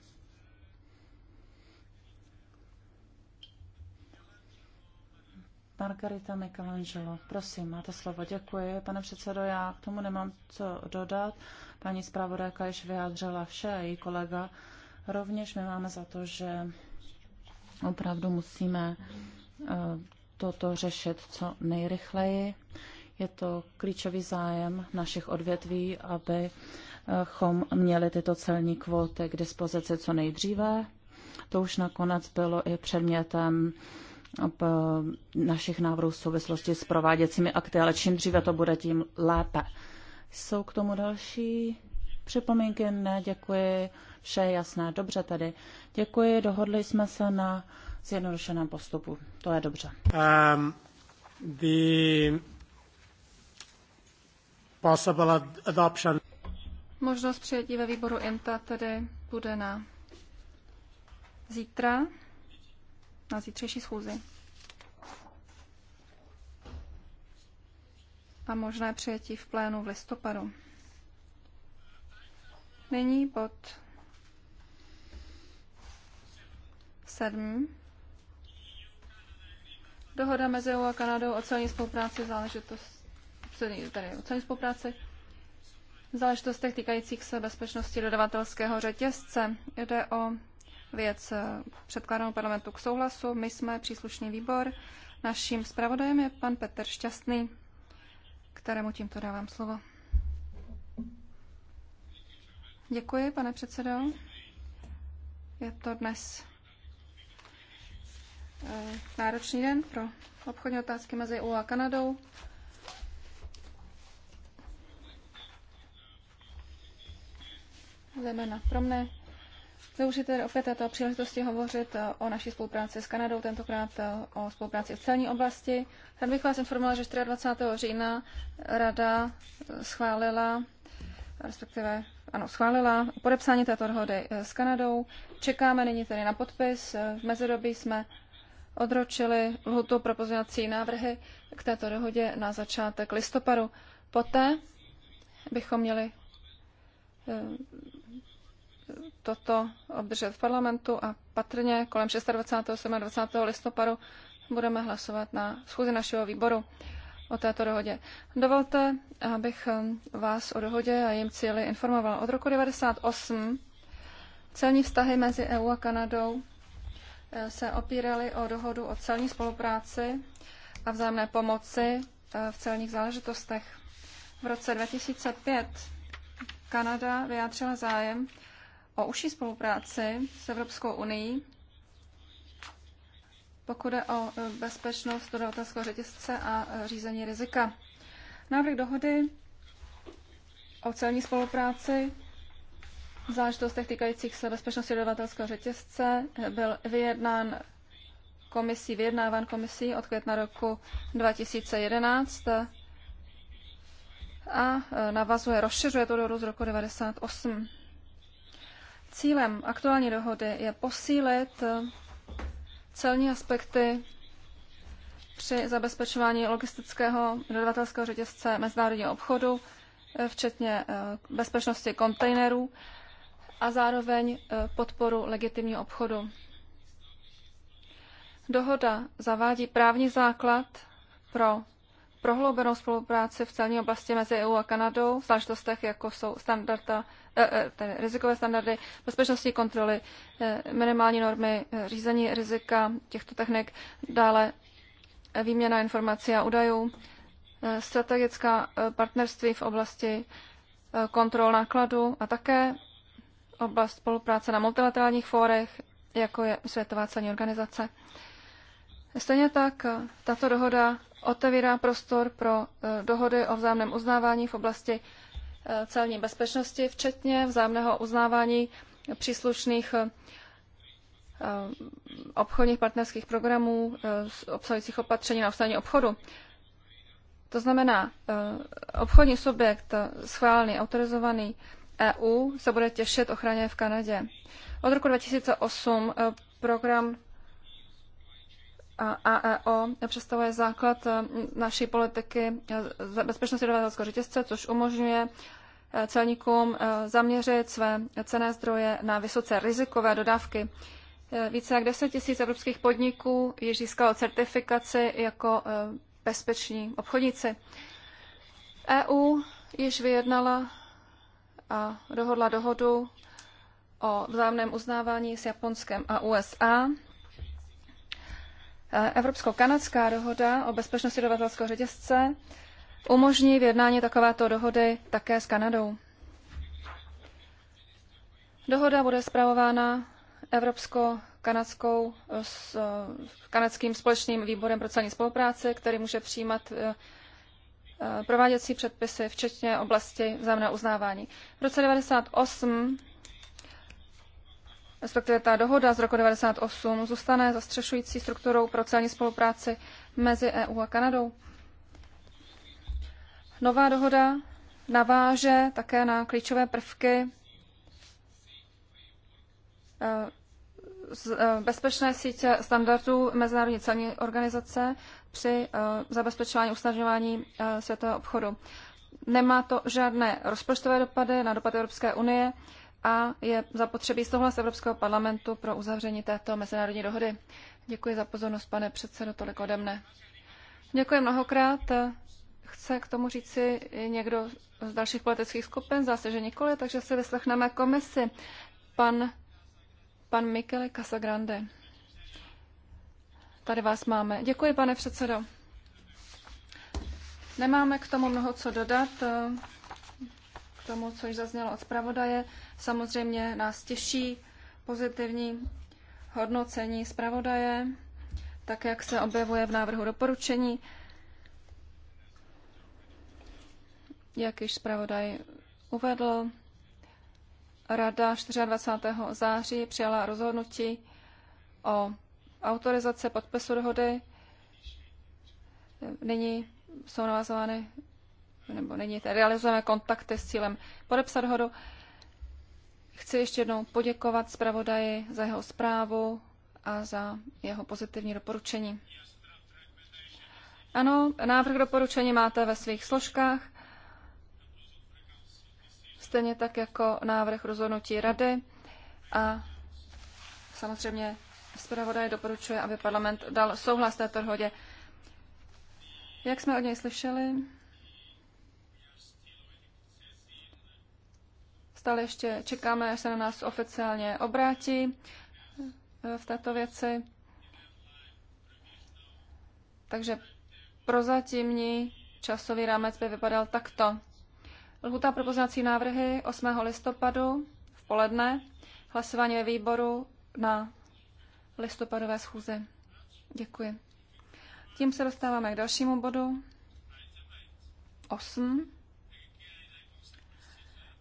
Margarita Michelangelo, prosím, máte slovo. Děkuji. Pane předsedo, já k tomu nemám co dodat. Paní zpravodajka již vyjádřila vše, její kolega Rovněž my máme za to, že opravdu musíme eh, toto řešit co nejrychleji. Je to klíčový zájem našich odvětví, abychom měli tyto celní kvóty k dispozici co nejdříve. To už nakonec bylo i předmětem eh, našich návrhů v souvislosti s prováděcími akty, ale čím dříve to bude, tím lépe. Jsou k tomu další Připomínky ne, děkuji, vše je jasné. Dobře Tady Děkuji, dohodli jsme se na zjednodušeném postupu. To je dobře. Um, the possible adoption. Možnost přijetí ve výboru INTA tedy bude na zítra, na zítřejší schůzi. A možné přijetí v plénu v listopadu. Nyní bod Sedm. Dohoda mezi EU a Kanadou o celní spolupráci záležitost, tady o celní spolupráci v záležitostech týkajících se bezpečnosti dodavatelského řetězce. Jde o věc eh, předkládanou parlamentu k souhlasu. My jsme příslušný výbor. Naším zpravodajem je pan Petr Šťastný, kterému tímto dávám slovo. Děkuji, pane předsedo. Je to dnes eh, náročný den pro obchodní otázky mezi EU a Kanadou. Zejména pro mne. Využijte opět této příležitosti hovořit eh, o naší spolupráci s Kanadou, tentokrát eh, o spolupráci v celní oblasti. Rád bych vás informovala, že 24. října Rada schválila respektive ano, schválila podepsání této dohody eh, s Kanadou. Čekáme nyní tedy na podpis. Eh, v mezidobí jsme odročili lhutu pro pozměňovací návrhy k této dohodě na začátek listopadu. Poté bychom měli eh, toto obdržet v parlamentu a patrně kolem 26. 27. 20. listopadu budeme hlasovat na schůzi našeho výboru o této dohodě. Dovolte, abych eh, vás o dohodě a jejím cíli informoval. Od roku 1998 celní vztahy mezi EU a Kanadou eh, se opíraly o dohodu o celní spolupráci a vzájemné pomoci eh, v celních záležitostech. V roce 2005 Kanada vyjádřila zájem o užší spolupráci s Evropskou unii pokud je o e, bezpečnost dodavatelského řetězce a e, řízení rizika. Návrh dohody o celní spolupráci v záležitostech týkajících se bezpečnosti dodavatelského řetězce e, byl vyjednán komisí, vyjednáván komisí od května roku 2011 a navazuje, rozšiřuje to dohodu z roku 1998. Cílem aktuální dohody je posílit Celní aspekty při zabezpečování logistického dodavatelského řetězce mezinárodního obchodu, eh, včetně eh, bezpečnosti kontejnerů a zároveň eh, podporu legitimního obchodu. Dohoda zavádí právní základ pro prohloubenou spolupráci v celní oblasti mezi EU a Kanadou v záležitostech, jako jsou standarda, e, e, tedy rizikové standardy, bezpečnostní kontroly, e, minimální normy, řízení rizika těchto technik, dále výměna informací a údajů, strategická partnerství v oblasti kontrol nákladu a také oblast spolupráce na multilaterálních fórech, jako je Světová celní organizace. Stejně tak tato dohoda otevírá prostor pro e, dohody o vzájemném uznávání v oblasti e, celní bezpečnosti, včetně vzájemného uznávání příslušných e, obchodních partnerských programů obsahujících opatření na ustanovení obchodu. To znamená, obchodní subjekt schválený, autorizovaný EU se bude těšit ochraně v Kanadě. Od roku 2008 program AEO představuje základ eh, naší politiky eh, bezpečnosti dodavatelského řetězce, což umožňuje eh, celníkům zaměřit své cené zdroje na vysoce rizikové dodávky. Více jak 10 tisíc evropských podniků již získalo certifikaci jako bezpeční obchodníci. EU již vyjednala a dohodla dohodu o vzájemném uznávání s Japonskem a USA Evropsko-kanadská dohoda o bezpečnosti dodavatelského řetězce umožní vyjednání takovéto dohody také s Kanadou. Dohoda bude zpravována Evropsko-kanadskou s kanadským společným výborem pro celní spolupráci, který může přijímat eh, eh, prováděcí předpisy, včetně oblasti vzájemného uznávání. V roce 1998 respektive ta dohoda z roku 1998 zůstane zastřešující strukturou pro celní spolupráci mezi EU a Kanadou. Nová dohoda naváže také na klíčové prvky eh, z eh, bezpečné sítě standardů Mezinárodní celní organizace při eh, zabezpečování usnažování světového obchodu. Nemá to žádné rozpočtové dopady na dopad Evropské unie, a je zapotřebí souhlas Evropského parlamentu pro uzavření této mezinárodní dohody. Děkuji za pozornost, pane předsedo, tolik ode mne. Děkuji mnohokrát. Chce k tomu říci někdo z dalších politických skupin? Zase, že nikoli, takže si vyslechneme komisi. Pan, pan Michele Casagrande. Tady vás máme. Děkuji, pane předsedo. Nemáme k tomu mnoho co dodat tomu, což zaznělo od zpravodaje. Samozřejmě nás těší pozitivní hodnocení zpravodaje, tak jak se objevuje v návrhu doporučení. Jak již zpravodaj uvedl, Rada 24. září přijala rozhodnutí o autorizace podpisu dohody. Nyní jsou navazovány nebo nyní realizujeme kontakty s cílem podepsat hodu. Chci ještě jednou poděkovat zpravodaji za jeho zprávu a za jeho pozitivní doporučení. Ano, návrh doporučení máte ve svých složkách, stejně tak jako návrh rozhodnutí rady a samozřejmě zpravodaj doporučuje, aby parlament dal souhlas této dohodě. Jak jsme od něj slyšeli, Stále ještě čekáme, až se na nás oficiálně obrátí eh, v této věci. Takže prozatímní časový rámec by vypadal takto. Lhuta pro poznací návrhy 8. listopadu v poledne, hlasování ve výboru na listopadové schůze. Děkuji. Tím se dostáváme k dalšímu bodu. 8.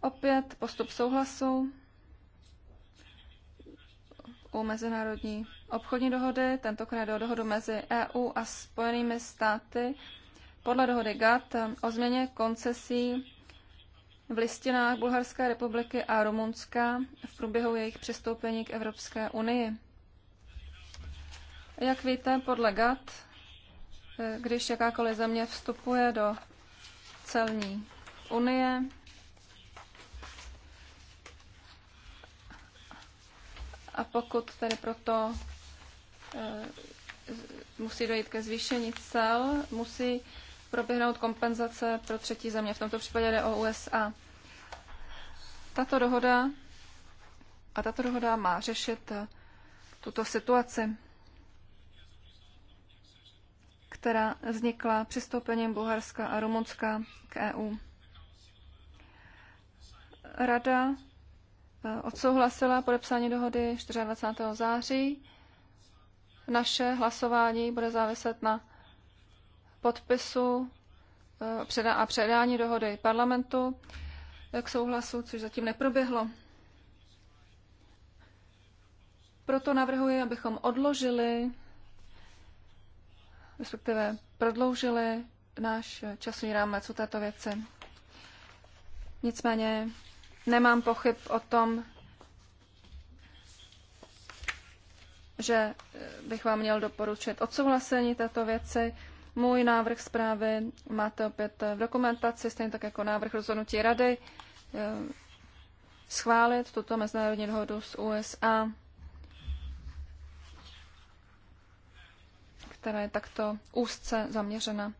Opět postup souhlasu u mezinárodní obchodní dohody, tentokrát do dohodu mezi EU a Spojenými státy podle dohody GATT o změně koncesí v listinách Bulharské republiky a Rumunska v průběhu jejich přistoupení k Evropské unii. Jak víte, podle GATT, eh, když jakákoliv země vstupuje do celní unie, A pokud tedy proto eh, musí dojít ke zvýšení cel, musí proběhnout kompenzace pro třetí země. V tomto případě jde o USA. Tato dohoda a tato dohoda má řešit eh, tuto situaci, která vznikla přistoupením Bulharska a Rumunska k EU. Rada Eh, odsouhlasila podepsání dohody 24. září. Naše hlasování bude záviset na podpisu eh, a předání dohody parlamentu k souhlasu, což zatím neproběhlo. Proto navrhuji, abychom odložili, respektive prodloužili náš časový rámec u této věci. Nicméně Nemám pochyb o tom, že bych vám měl doporučit odsouhlasení této věci. Můj návrh zprávy máte opět v dokumentaci, stejně tak jako návrh rozhodnutí rady eh, schválit tuto mezinárodní dohodu s USA, která je takto úzce zaměřena.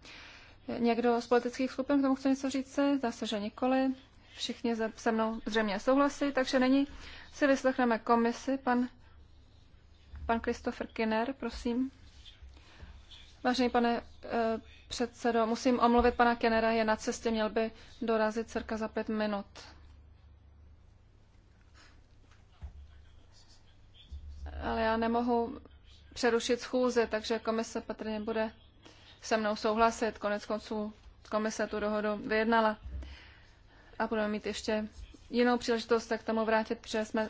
Někdo z politických skupin k tomu chce něco říct? Zase, že nikoli všichni se mnou zřejmě souhlasí, takže nyní si vyslechneme komisi. Pan, pan Christopher Kinner, prosím. Vážený pane e, předsedo, musím omluvit pana Kinnera je na cestě, měl by dorazit cirka za pět minut. Ale já nemohu přerušit schůzi, takže komise patrně bude se mnou souhlasit. Konec konců komise tu dohodu vyjednala a budeme mít ještě jinou příležitost se k tomu vrátit, protože jsme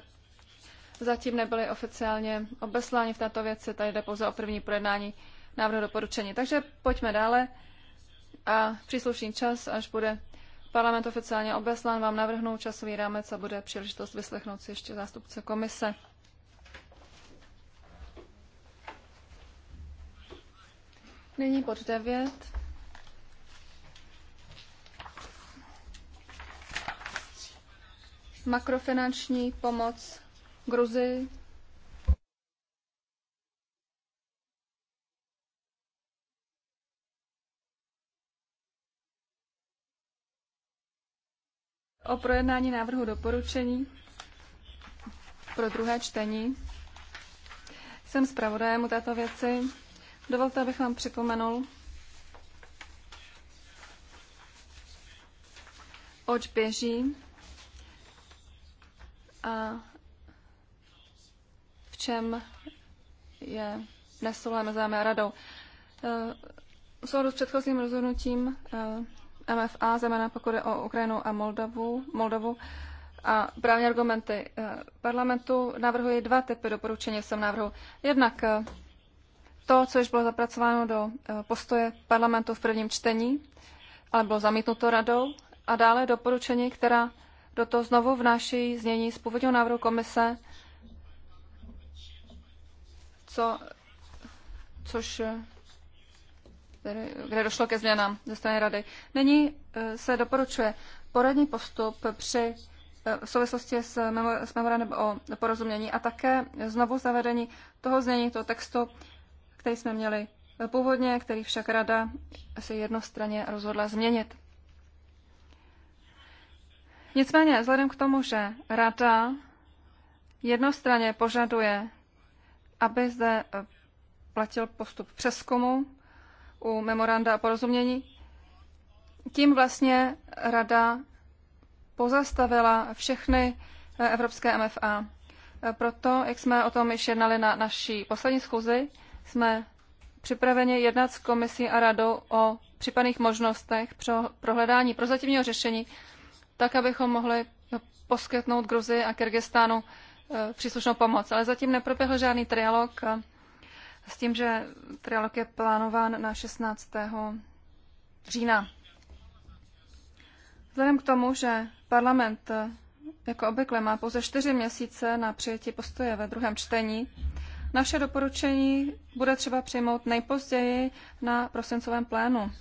zatím nebyli oficiálně obesláni v této věci. Tady jde pouze o první projednání návrhu doporučení. Takže pojďme dále a příslušný čas, až bude parlament oficiálně obeslán, vám navrhnou časový rámec a bude příležitost vyslechnout si ještě zástupce komise. Nyní pod devět. makrofinanční pomoc Gruzii. O projednání návrhu doporučení pro druhé čtení. Jsem zpravodajem u této věci. Dovolte, abych vám připomenul, oč běží a v čem je nesolé mezi a radou. E, v souhodu s předchozím rozhodnutím e, MFA, zejména pokud je o Ukrajinu a Moldavu, Moldavu a právní argumenty e, parlamentu, navrhuji dva typy doporučení v svém návrhu. Jednak to, co již bylo zapracováno do postoje parlamentu v prvním čtení, ale bylo zamítnuto radou, a dále doporučení, která do toho znovu vnáší znění z původního návrhu komise, co, což tedy, kde došlo ke změnám ze strany rady. Nyní eh, se doporučuje poradní postup při eh, v souvislosti s, memo, s memorandem o porozumění a také znovu zavedení toho znění, toho textu, který jsme měli původně, který však rada se jednostranně rozhodla změnit. Nicméně, vzhledem k tomu, že Rada jednostranně požaduje, aby zde eh, platil postup přeskumu u memoranda a porozumění, tím vlastně Rada pozastavila všechny eh, evropské MFA. Eh, proto, jak jsme o tom již jednali na naší poslední schůzi, jsme připraveni jednat s komisí a radou o případných možnostech pro, pro hledání prozatímního řešení tak abychom mohli no, poskytnout Gruzii a Kyrgyzstánu e, příslušnou pomoc. Ale zatím neproběhl žádný trialog s tím, že trialog je plánován na 16. října. Vzhledem k tomu, že parlament e, jako obvykle má pouze čtyři měsíce na přijetí postoje ve druhém čtení, naše doporučení bude třeba přijmout nejpozději na prosincovém plénu.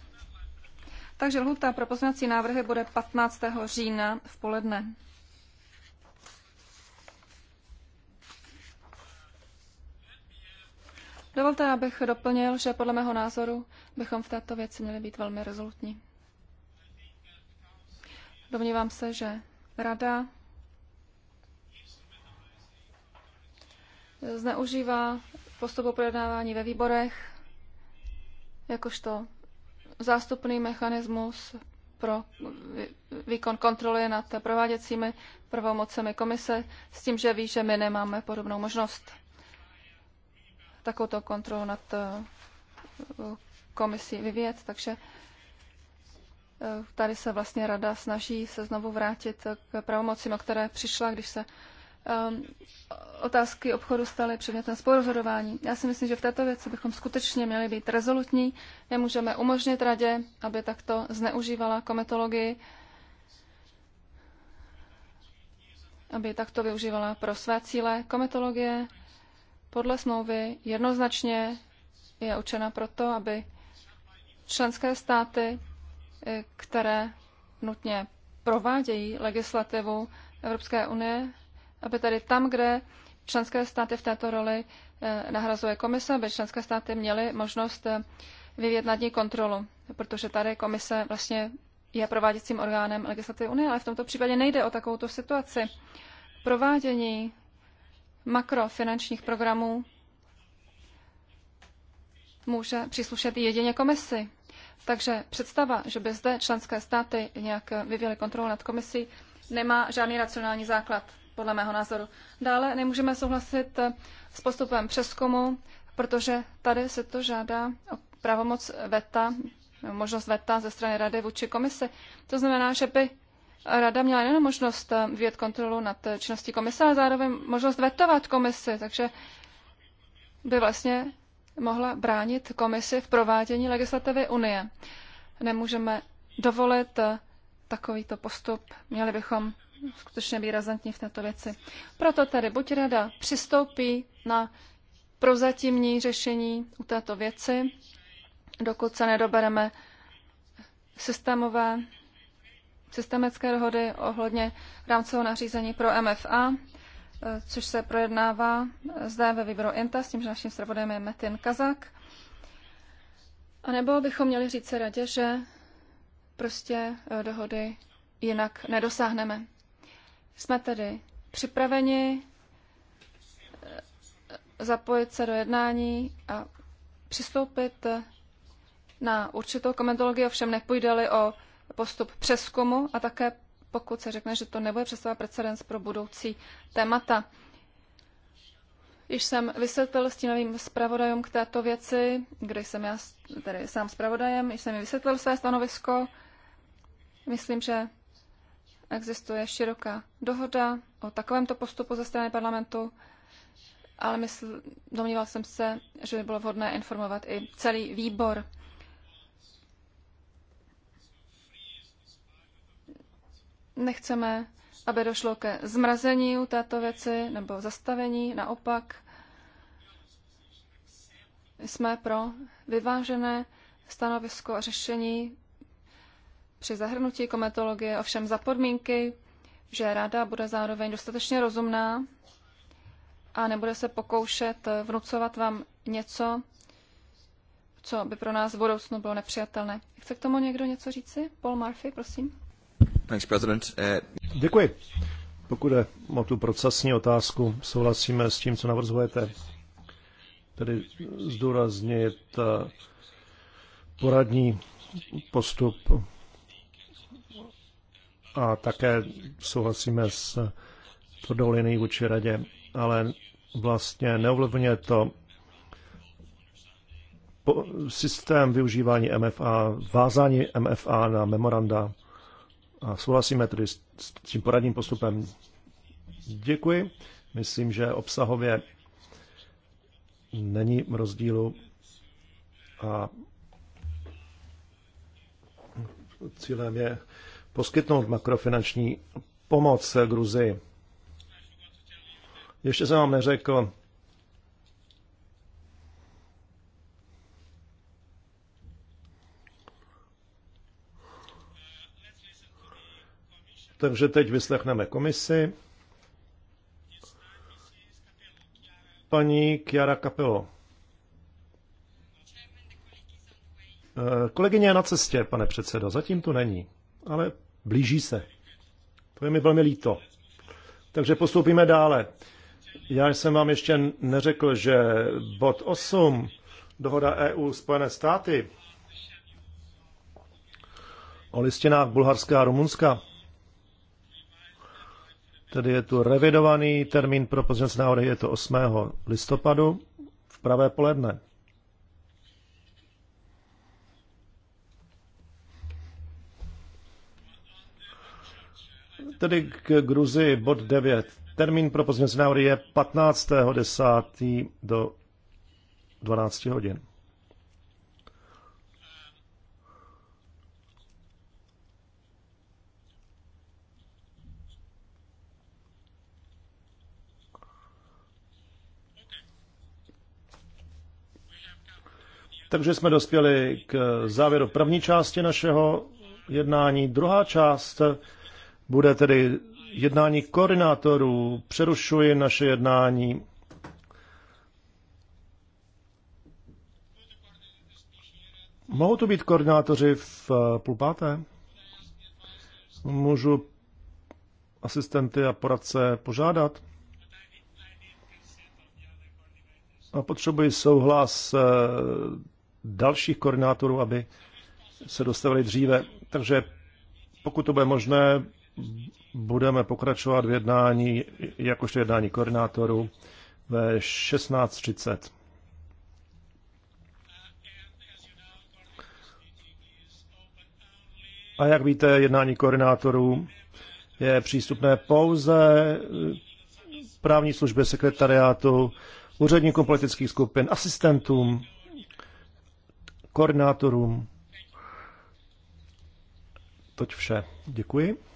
Takže lhuta pro poznací návrhy bude 15. října v poledne. Dovolte, abych doplnil, že podle mého názoru bychom v této věci měli být velmi rezolutní. Domnívám se, že Rada zneužívá postupu projednávání ve výborech jakožto zástupný mechanismus pro výkon kontroly nad prováděcími prvomocemi komise s tím, že ví, že my nemáme podobnou možnost takovou kontrolu nad eh, komisí vyvíjet, takže eh, tady se vlastně rada snaží se znovu vrátit k pravomocím, o které přišla, když se Ehm, otázky obchodu staly předmětem spolurozhodování. Já si myslím, že v této věci bychom skutečně měli být rezolutní. Nemůžeme umožnit radě, aby takto zneužívala kometologii, aby takto využívala pro své cíle. Kometologie podle smlouvy jednoznačně je učena proto, aby členské státy, eh, které nutně provádějí legislativu Evropské unie, aby tady tam, kde členské státy v této roli eh, nahrazuje komise, aby členské státy měly možnost eh, vyvět nad ní kontrolu, protože tady komise vlastně je prováděcím orgánem legislativy Unie, ale v tomto případě nejde o takovou situaci. Provádění makrofinančních programů může příslušet jedině komisi. Takže představa, že by zde členské státy nějak vyvěly kontrolu nad komisí, nemá žádný racionální základ podle mého názoru. Dále nemůžeme souhlasit s postupem přeskumu, protože tady se to žádá o pravomoc VETA, možnost VETA ze strany Rady vůči komise. To znamená, že by Rada měla nejen možnost vyjet kontrolu nad činností komise, ale zároveň možnost vetovat komisi, takže by vlastně mohla bránit komisi v provádění legislativy Unie. Nemůžeme dovolit takovýto postup. Měli bychom skutečně být v této věci. Proto tedy buď rada přistoupí na prozatímní řešení u této věci, dokud se nedobereme systémové, systemické dohody ohledně rámcového nařízení pro MFA, eh, což se projednává zde ve výboru INTA, s tím, že naším zpravodajem je Metin Kazak. A nebo bychom měli říct se radě, že prostě eh, dohody jinak nedosáhneme. Jsme tedy připraveni eh, zapojit se do jednání a přistoupit eh, na určitou komentologii, ovšem nepůjde-li o postup přeskumu a také pokud se řekne, že to nebude představovat precedens pro budoucí témata. Již jsem vysvětlil stínovým zpravodajům k této věci, kde jsem já tedy sám zpravodajem, již jsem jim vysvětlil své stanovisko. Myslím, že Existuje široká dohoda o takovémto postupu ze strany parlamentu, ale mysl, domníval jsem se, že by bylo vhodné informovat i celý výbor. Nechceme, aby došlo ke zmrazení této věci nebo zastavení, naopak jsme pro vyvážené stanovisko a řešení při zahrnutí kometologie, ovšem za podmínky, že rada bude zároveň dostatečně rozumná a nebude se pokoušet vnucovat vám něco, co by pro nás v budoucnu bylo nepřijatelné. Chce k tomu někdo něco říci? Paul Murphy, prosím. Thanks, President. Uh... Děkuji. Pokud je o tu procesní otázku, souhlasíme s tím, co navrzujete. Tedy zdůraznit eh, poradní postup a také souhlasíme s tvrdou linií vůči radě, ale vlastně neovlivňuje to systém využívání MFA, vázání MFA na memoranda a souhlasíme tedy s tím poradním postupem. Děkuji. Myslím, že obsahově není rozdílu a cílem je poskytnout makrofinanční pomoc Gruzii. Ještě jsem vám neřekl, Takže teď vyslechneme komisi. Paní Chiara Capello. Eh, kolegyně je na cestě, pane předsedo, zatím tu není, ale Blíží se. To je mi velmi líto. Takže postoupíme dále. Já jsem vám ještě neřekl, že bod 8, dohoda EU Spojené státy o listinách Bulharska a Rumunska, tedy je tu revidovaný termín pro pozměnce návrhy, je to 8. listopadu v pravé poledne. tedy k Gruzi bod 9. Termín pro pozměnce návrhy je 15.10. do 12 hodin. Takže jsme dospěli k závěru první části našeho jednání. Druhá část bude tedy jednání koordinátorů. Přerušuji naše jednání. Mohou to být koordinátoři v eh, půl páté? Můžu asistenty a poradce požádat? A potřebuji souhlas eh, dalších koordinátorů, aby se dostavili dříve. Takže pokud to bude možné, budeme pokračovat v jednání, jakožto jednání koordinátorů, ve 16.30. A jak víte, jednání koordinátorů je přístupné pouze právní službě sekretariátu, úředníkům politických skupin, asistentům, koordinátorům. Toť vše. Děkuji.